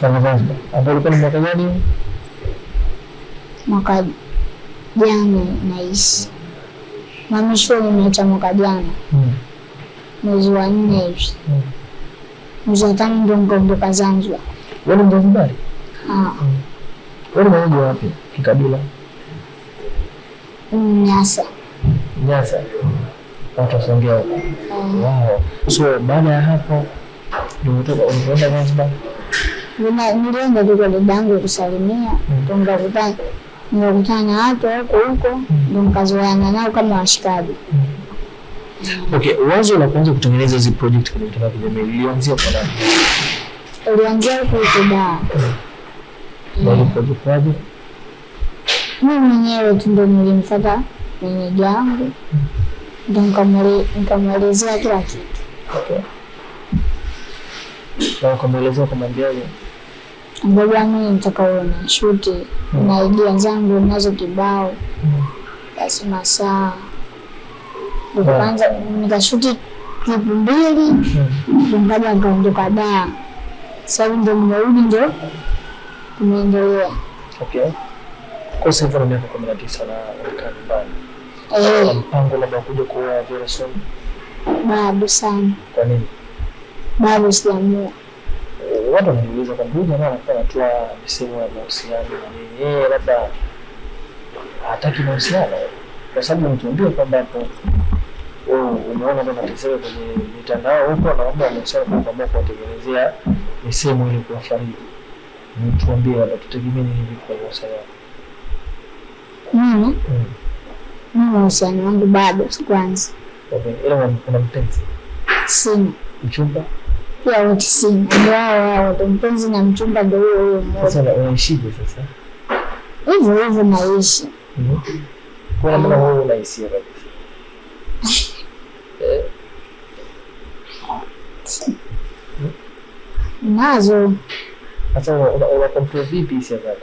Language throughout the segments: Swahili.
kwenda Zanzibar, ambao ulikuwa ni mwaka gani? Mwaka jana naishi mamisho, nimeacha mwaka jana hmm. mwezi wa nne hmm. hivi, mwezi wa tano ndio nikaondoka Zanzibar. Wewe ni Mzanzibari? Ah. Hmm. Wewe ni mwenyeji wapi kikabila? Mm, Nyasa. Nyasa watu wasongea huko. Eh. So baada ya hapo ndio umetoka umeenda Zanzibar nilienda tu kwa dadangu kusalimia, mm. ndo nikakutana nikakutana na watu huko huko, mm. ndo nikazoeana nao kama washikaji. Mm. Okay, wazo la kwanza kutengeneza hizi project kwenye mitandao ya kijamii lilianzia kwa nani? Ilianzia kwa Ikodaa. Mimi mwenyewe tu ndo nilimfuata meneja wangu ndo nikamwelezea kila kitu. Okay. Nikamwelezea kumwambiaje? mmoja mwenye na shuti hmm. na idea zangu nazo kibao hmm. basi masaa hmm. kwanza nikashuti klipu mbili mpaja mm. nikaondoka daa sababu ndo mmerudi ndo tumeendelea. Kwa sasa hivi na miaka kumi na tisa na unakaa nyumbani eh. mpango labda kuja kuoa Vera soon? Bado sana. Kwa nini? Bado sijaamua watu wanajiuliza kwamba huyu jamaa anakuwa anatoa misemo ya mahusiano na nini, yeye labda hataki mahusiano, kwa sababu mtuambie kwamba umeona kwamba tuseme kwenye mitandao huko na mambo ya mahusiano, kwa kwamba kuwatengenezea misemo ili kuwafariji. Mtuambie labda tutegemee nini hivi kwa mahusiano mm. Mimi mahusiano wangu bado sikuanza. ila una mpenzi? Sina. Mchumba? ya utisini wao ndo mpenzi na mchumba ndo huyo huyo mmoja. Sasa unaishije sasa? Hivyo hivyo naishi. Mhm. Kuna mbona wewe unaishi kabisa? Eh? Nazo. Sasa una control vipi hisia zako?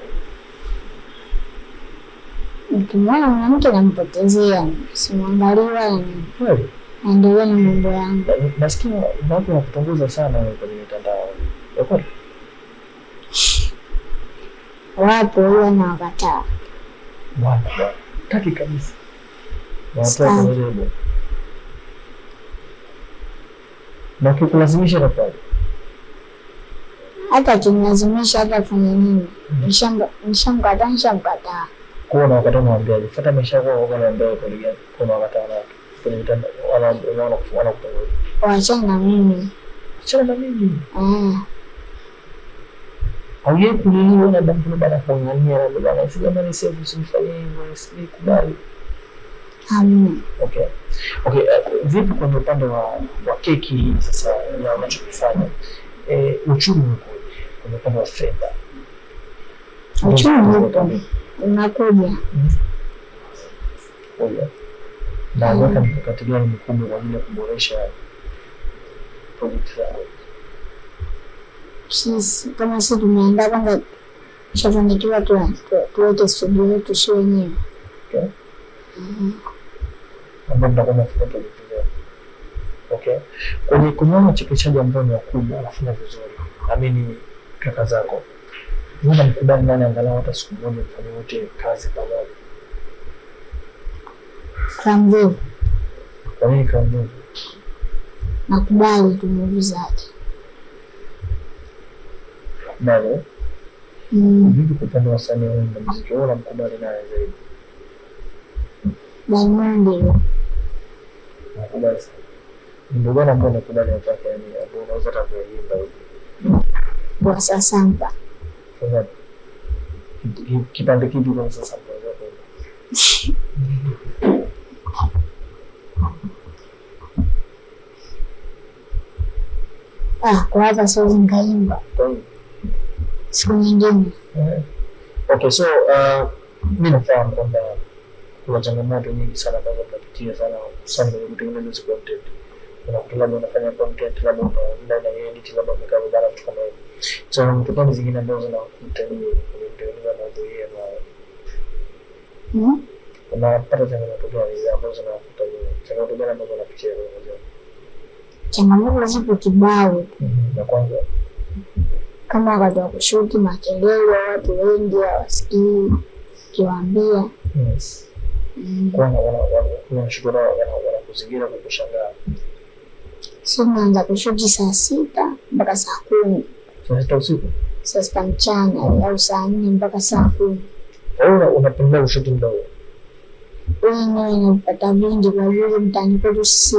Ukimwona mwanamke nampotezea, simwangalia yani. Kweli? endelee mambo yangu. Nasikia watu wanakutongoza sana kwenye mitandao, ya kweli? Wapo, huwa na wakataa taki kabisa, na kikulazimisha nafanya hata kinilazimisha hata kufanya nini, hmm. nishamkataa nishamkataa. Kuwa na wakataa naambiaje? maisha yako, naambiaje? Kuwa na wakataa nake kwenye mitandao wanakutongoza. Waachana na mimi, achana na mimi. Mm. Aujai kuliliwa bana, kuangania bana, jamani, sevu usinifanyie hivyo, sijaikubali. Okay. Okay, uh, vipi kwenye upande wa, wa keki hii sasa na unachokifanya eh, uchumi uko kwenye upande wa fedha? Uchumi uko unakuja hmm? na mm. weka mikakati gani mikubwa kwa ajili ya kuboresha projekti zao? Sisi kama sisi tumeandaa kwanza, tushafanikiwa tuweke studio yetu sio wenyewe mm-hmm. ambao zao. Okay, kwenye kunyonya chekechaji ambao ni wakubwa wanafanya vizuri, amini kaka zako, nenda mkubali nani angalau hata siku moja mfanye wote kazi pamoja. Cramville. Kwa nini Cramville? Nakubali tu nguvu zake. Nani? Mm. Vipi kwa upande wa wasanii wengi muziki wao namkubali naye zaidi? Diamond. Nakubali sana. Ndio bwana mbona nakubali kwake yani ndio unaweza hata kuimba hivi. Kwa sasa sampa. Kipande kipi kwa sasa sampa? Ah, kuwaza sori, ngaimba siku nyingine. Okay, so uh, mi nafahamu kwamba kuna changamoto nyingi sana ambazo tunapitia sana sana kwenye kutengeneza content. Kuna labda unafanya content, labda unaenda na edit, labda umekaa vibaya, vitu kama hivyo. So mtu gani zingine ambazo zinakuta nyinyi kwenye kutengeneza maudhui yenu, unapata changamoto gani ambazo zinakuta nyinyi, changamoto gani ambazo unapitia kwenye changamoto zipo kibao, mhm, kama wakati wa kushuti makelele, watu wengi hawasikii kiwaambia si mm. naanza kushuti saa sita mpaka saa kumi saa sita mchana au saa nne mpaka saa kumi Unapenda kushuti muda huo? Wenyewe vingi kwa vile mtaani kwetu sisi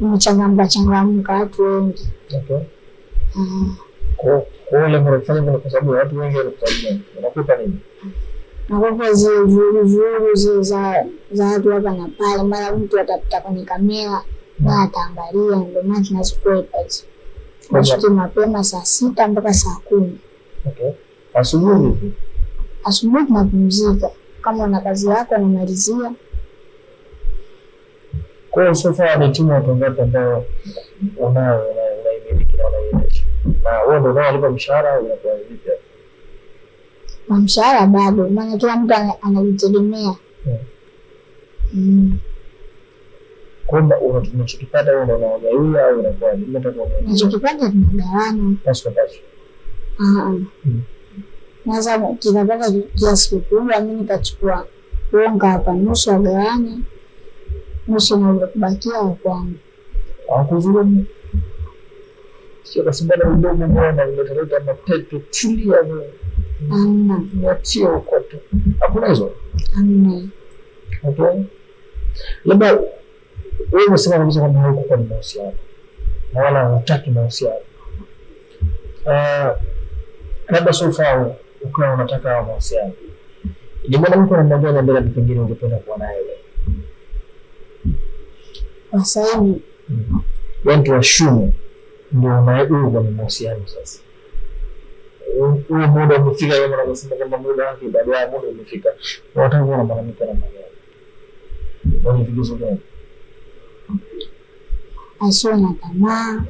umechangamka changamka watu wengi. Nakuta zile vurugu zile za watu hapa na pale, mara mtu atapita kwenye kamera mm. na ataangalia, ndio maana tunazikwepa hizo. Nashuti mapema saa sita mpaka saa kumi. Asubuhi tunapumzika, kama una kazi yako unamalizia kwa hiyo sofa ni timu watu wangapi ambao unao unaimiliki na unaiendesha, na wewe ndio unalipa mshahara au unakuwa vipi? Na mshahara bado, maana kila mtu anajitegemea. Hmm. Hmm. Kwamba unachokipata wewe ndio unawagawia au unakuwa unachokipata tunagawana pasu ah, ah. hmm. kwa pasu? Naweza kinapata kiasi kikubwa, mimi nikachukua unga hapa nusu agawanye maisha kubakia kwangu akuzulumi akasimbana mdomo mwana umetaleta mapepe tulia niachie hakuna hizo okay. Labda wewe umesema kabisa kwamba mahusiano na wala hutaki mahusiano, ah, labda sofa ukawa unataka mahusiano, ni mwanamke namna gani pengine ungependa kuwa naye? Mm-hmm. watu wa tuwashumu ndio unaiuza kwenye mahusiano sasa. Huo muda umefika, yeye kwamba muda wake baada ya muda umefika. Wanataka na mwanamke na mwanamke. Wani vigezo gani? Asiwe na tamaa,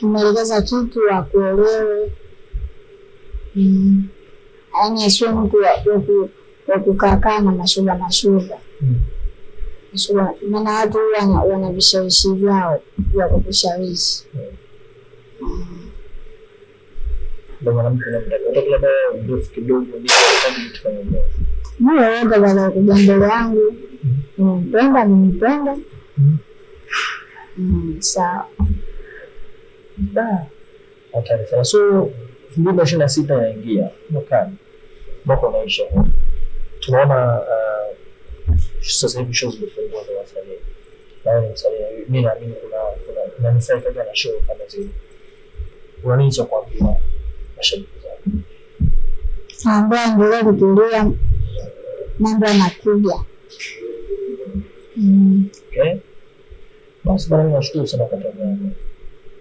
tumeelekeza kitu akuelewe, mm. yaani asiwe mtu wa kukaa na mashuga mashuga. Mm maana watu wana vishawishi vyao vya kukushawishi. Mimi bwana kuja mbele yangu nimpenda nimpenda mm, sawa. So elfu mbili na ishirini na sita inaingia mwakani, mwaka unaisha, tunaona uh, sasa hivi shows zimefungua za wasanii, na yaani wewe msanii, mimi naamini kuna kuna kuna msanii na show la zile, una nini cha kuambia mashabiki zako? Ambao endelea kutulia, mambo yanakuja. Okay, mm. eh? basi bwana, nashukuru sana kwa tamaa yako.